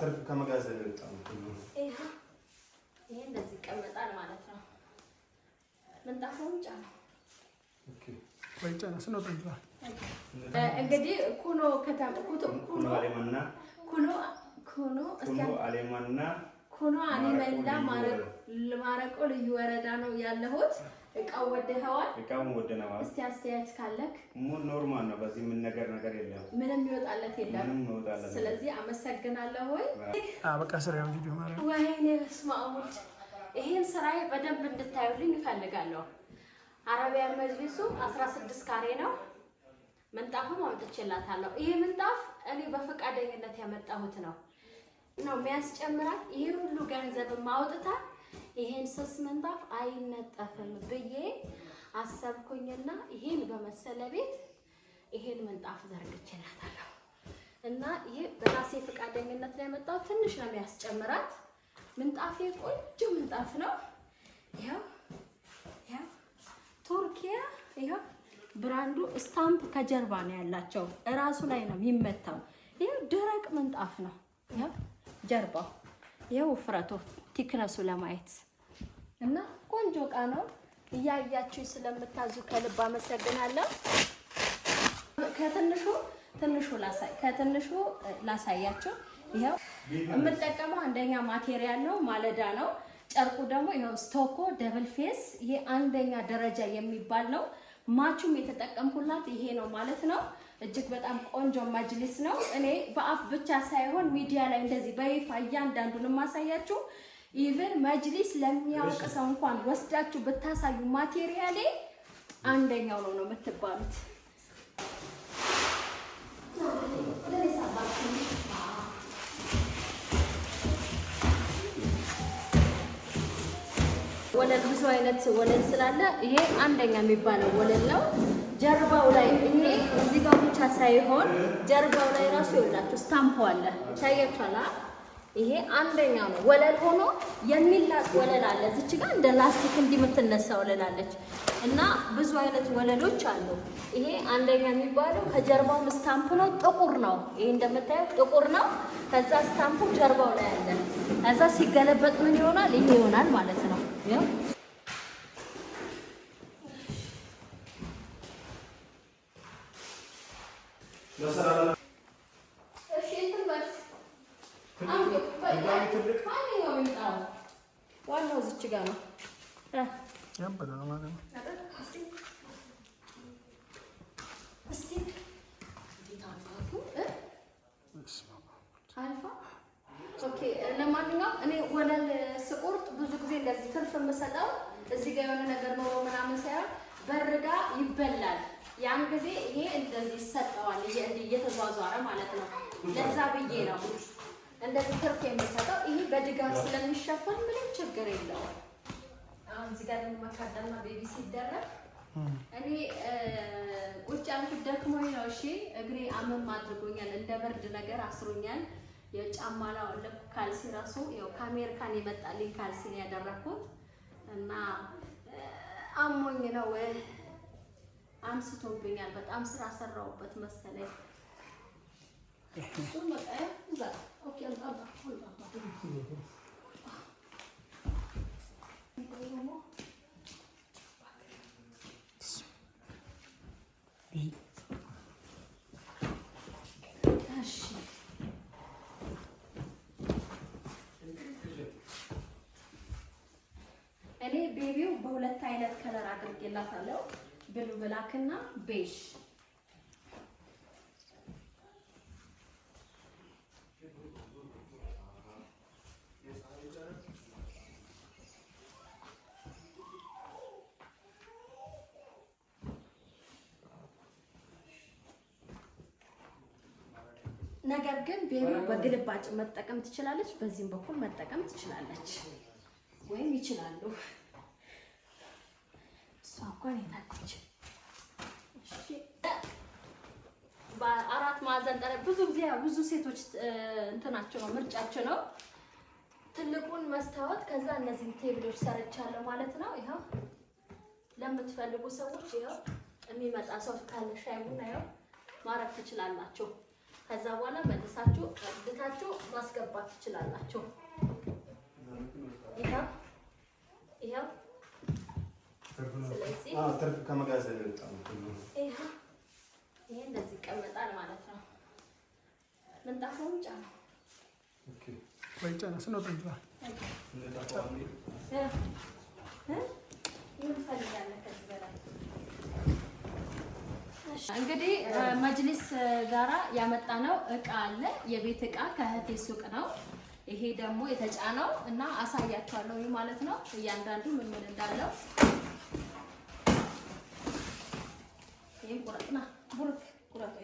ትርፍ ከመጋዘን የወጣ ነው። ይሄ እንደዚህ ይቀመጣል ማለት ነው። ምንጣፉም እንግዲህ ኩኖ ኩኖ አሌመላ ማረቆ ልዩ ወረዳ ነው ያለሁት። እቃው ወደኸዋል? እቃው ወደነዋል። እስቲ አስተያየት ካለክ? ሙሉ ኖርማል ነው። በዚህ ምን ነገር ነገር የለም። ምንም ይወጣለት የለም። ምንም ይወጣለት። ስለዚህ አመሰግናለሁ። ወይ በቃ ስራ ነው ቪዲዮ ማለት ወይኔ፣ በስመ አብ ይሄን ስራዬ በደንብ እንድታዩልኝ እፈልጋለሁ። አረቢያን መጅሊሱ 16 ካሬ ነው። ምንጣፍም አምጥቼላታለሁ። ይሄ ምንጣፍ እኔ በፈቃደኝነት ያመጣሁት ነው ነው የሚያስጨምራት ይሄ ሁሉ ገንዘብ ማውጥታ ይሄን ስስ ምንጣፍ አይነጠፍም ብዬ አሰብኩኝና ይሄን በመሰለ ቤት ይሄን ምንጣፍ ዘርግቼላታለሁ እና ይሄ በራሴ ፈቃደኝነት ላይ መጣው። ትንሽ ነው የሚያስጨምራት ምንጣፌ፣ ቆንጆ ምንጣፍ ነው። ይኸው ቱርኪያ ይኸው ብራንዱ ስታምፕ ከጀርባ ነው ያላቸው። እራሱ ላይ ነው የሚመታው። ይሄ ደረቅ ምንጣፍ ነው። ጀርባው፣ ይሄ ውፍረቱ ቲክነሱ ለማየት እና ቆንጆ እቃ ነው። እያያችሁ ስለምታዙ ከልብ አመሰግናለሁ። ከትንሹ ትንሹ ላሳይ ከትንሹ ላሳያችሁ። ይኸው የምጠቀመው አንደኛ ማቴሪያል ነው፣ ማለዳ ነው። ጨርቁ ደግሞ ይኸው ስቶኮ ደብል ፌስ፣ ይሄ አንደኛ ደረጃ የሚባል ነው። ማቹም የተጠቀምኩላት ይሄ ነው ማለት ነው። እጅግ በጣም ቆንጆ መጅሊስ ነው። እኔ በአፍ ብቻ ሳይሆን ሚዲያ ላይ እንደዚህ በይፋ እያንዳንዱን ማሳያችሁ ኢቨን መጅሊስ ለሚያውቅ ሰው እንኳን ወስዳችሁ ብታሳዩ ማቴሪያሌ አንደኛው ነው ነው የምትባሉት። ወለል ብዙ አይነት ወለል ስላለ ይሄ አንደኛ የሚባለው ወለል ነው። ጀርባው ላይ ይሄ እዚህ ጋር ብቻ ሳይሆን ጀርባው ላይ ራሱ ይውላችሁ ስታምፖ አለ ታያችኋል። ይሄ አንደኛ ነው። ወለል ሆኖ የሚላጥ ወለል አለ። እዚች ጋር እንደ ላስቲክ እንዲምትነሳ ወለል አለች እና ብዙ አይነት ወለሎች አሉ። ይሄ አንደኛ የሚባለው ከጀርባው ስታምፕ ነው። ጥቁር ነው። ይሄ እንደምታየው ጥቁር ነው። ከዛ ስታምፑ ጀርባው ላይ አለ። ከዛ ሲገለበጥ ምን ይሆናል? ይሄ ይሆናል ማለት ነው። እኔ ወለል ስቁርጥ ብዙ ጊዜ እንደዚህ ትርፍ የምሰጠው እዚህ ጋር የሆነ ነገር ኖሮ ምናምን ሳይሆን በርጋ ይበላል። ያን ጊዜ ይሄ እንደዚህ ይሰጠዋል እየተዟዟረ ማለት ነው። ለዛ ብዬ ነው እንደዚህ ትርፍ የሚሰጠው። ይሄ በድጋፍ ስለሚሸፈን ምንም ችግር የለውም። አሁን እዚህ ጋር መካጠልና ቤቢ ሲደረግ እኔ ቁጭ ያልኩት ደክሞኝ ነው። እሺ እግሬ አመም አድርጎኛል፣ እንደ በርድ ነገር አስሮኛል። የጫማ ላወለኩ ካልሲ ራሱ ያው ከአሜሪካን የመጣልኝ ካልሲ ነው ያደረኩት እና አሞኝ ነው አንስቶብኛል። በጣም ስራ ሰራውበት መሰለኝ። ኦኬ እኔ ቤቢው በሁለት አይነት ከለር አድርጌላታለሁ ብሉ ብላክ እና ቤዥ። ነገር ግን ቤቢው በግልባጭ መጠቀም ትችላለች፣ በዚህም በኩል መጠቀም ትችላለች። ወይም ይችላሉ። እሷ እንኳን የታለች በአራት ማዕዘን ጠረጴዛ ብዙ ጊዜ ብዙ ሴቶች እንትናቸው ነው ምርጫቸው ነው። ትልቁን መስታወት ከዛ እነዚህን ቴብሎች ሰርቻለሁ ማለት ነው። ይኸው ለምትፈልጉ ሰዎች ይኸው የሚመጣ ሰው ካለ ሻይ ቡና ይኸው ማረግ ትችላላችሁ። ከዛ በኋላ መልሳችሁ አድታችሁ ማስገባት ትችላላችሁ። ከመጋዘን ይሄ እንደዚህ ይቀመጣል ማለት ነው። ምንጣፉም ጫና ወይ ጫና ስንወጣ እንችላል እንግዲህ መጅሊስ ጋራ ያመጣነው እቃ አለ። የቤት እቃ ከእህቴ ሱቅ ነው። ይሄ ደግሞ የተጫነው እና አሳያችኋለሁ ማለት ነው። እያንዳንዱ ምን ምን እንዳለው ይሄን ቁረጥና ቡርክ ቁረጥ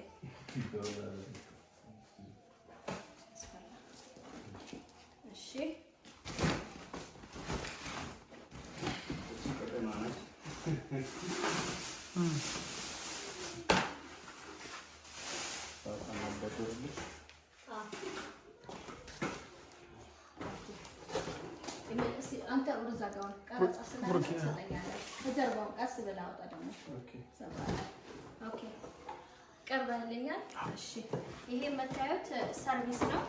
እሺ እ ዘጋውን ቀረጻ ስለሰጠኛለህ ከጀርባውን ቀስ እሺ ይሄ የምታዩት ሰርቪስ ነው።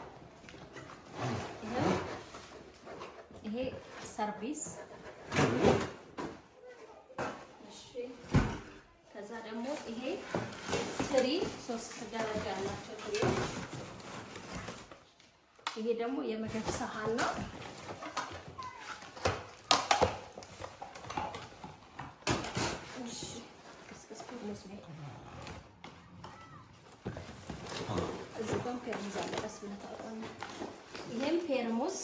ይሄ ሰርቪስ እሺ። ከዛ ደግሞ ይሄ ትሪ ሶስት ደረጃ ያላቸው ትሪ። ይሄ ደግሞ የምግብ ሰሃን ነው። ፔርሙዝ አለ። ቀስ ብለህ ይሄም ፔርሙዝ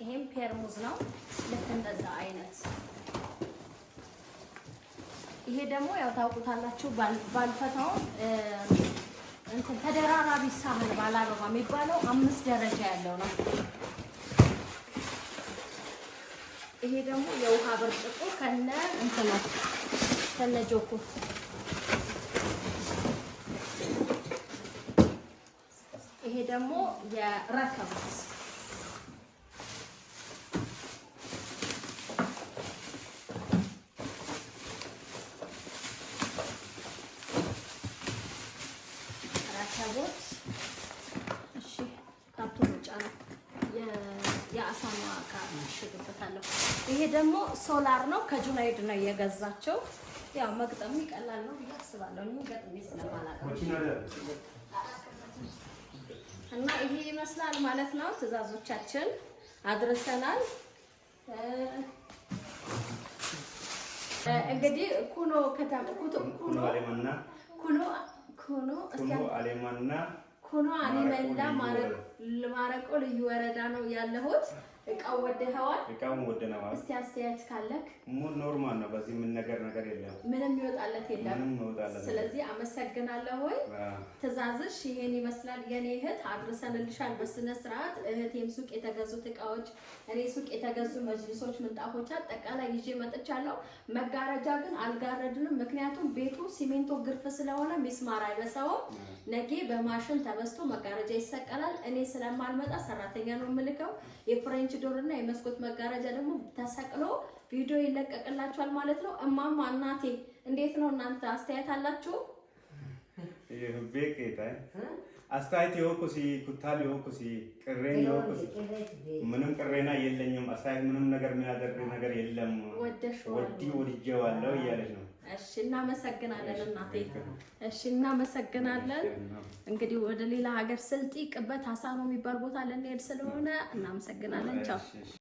ይሄም ነው። ልክ እንደዛ አይነት ይሄ ደግሞ ያው ታውቁታላችሁ ባልፈታው እንትን ተደራራቢ ሳህን ባለ አበባ የሚባለው አምስት ደረጃ ያለው ነው። ይሄ ደግሞ የውሃ ብርጭቆ ከነ እንትን ከነ ጆኩ ይሄ ደግሞ የረከበት ሽግበታለሁ። ይሄ ደግሞ ሶላር ነው። ከጁናይድ ነው የገዛቸው። ያው መግጠሙ ይቀላል ነው ብዬ አስባለሁ። እኔ ገጥሜ ስለማላውቅ እና ይሄ ይመስላል ማለት ነው። ትዕዛዞቻችን አድርሰናል። እንግዲህ ኩኖ ከተማ ኩኖ አሊመላ ማረቆ ልዩ ወረዳ ነው ያለሁት። እቃው ወደኸዋል? እቃው ወደነዋል። እስቲ አስተያየት ካለክ? ሙሉ ኖርማል ነው። በዚህ ምን ነገር ነገር የለም። ምንም ይወጣለት የለም። ምንም ይወጣለት። ስለዚህ አመሰግናለሁ። ሆይ ትዕዛዝሽ ይሄን ይመስላል። የኔ እህት አድርሰንልሻል በስነ ስርዓት። እህቴም ሱቅ የተገዙት እቃዎች፣ እኔ ሱቅ የተገዙ መጅልሶች፣ ምንጣፎች አጠቃላይ ይዤ መጥቻለሁ። መጋረጃ ግን አልጋረድንም፣ ምክንያቱም ቤቱ ሲሚንቶ ግርፍ ስለሆነ ሚስማር አይበሳውም። ነጌ በማሽን ተበስቶ መጋረጃ ይሰቀላል። እኔ ስለማልመጣ ሰራተኛ ነው የምልከው የፍሬንች የፍሬንች ዶር እና የመስኮት መጋረጃ ደግሞ ተሰቅሎ ቪዲዮ ይለቀቅላችኋል ማለት ነው። እማማ እናቴ እንዴት ነው እናንተ አስተያየት አላችሁ? አስተያየት ሲ ኩታል የወኩሲ ቅሬን ሲ ምንም ቅሬና የለኝም። አስተያየት ምንም ነገር የሚያደርግ ነገር የለም። ወዲ ወድጄዋለሁ እያለች ነው እሺ፣ እናመሰግናለን እናቴ። እሺ፣ እናመሰግናለን። እንግዲህ ወደ ሌላ ሀገር ስልጢ ቅበት ሀሳ ነው የሚባል ቦታ ልንሄድ ስለሆነ እናመሰግናለን። ቻው